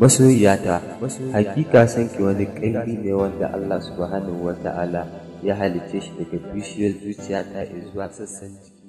masoyiyata hakika san ki wani ƙarfi ne wanda Allah subhanahu wa ya halicce shi daga bishiyar zuciya ta zuwa sassan jiki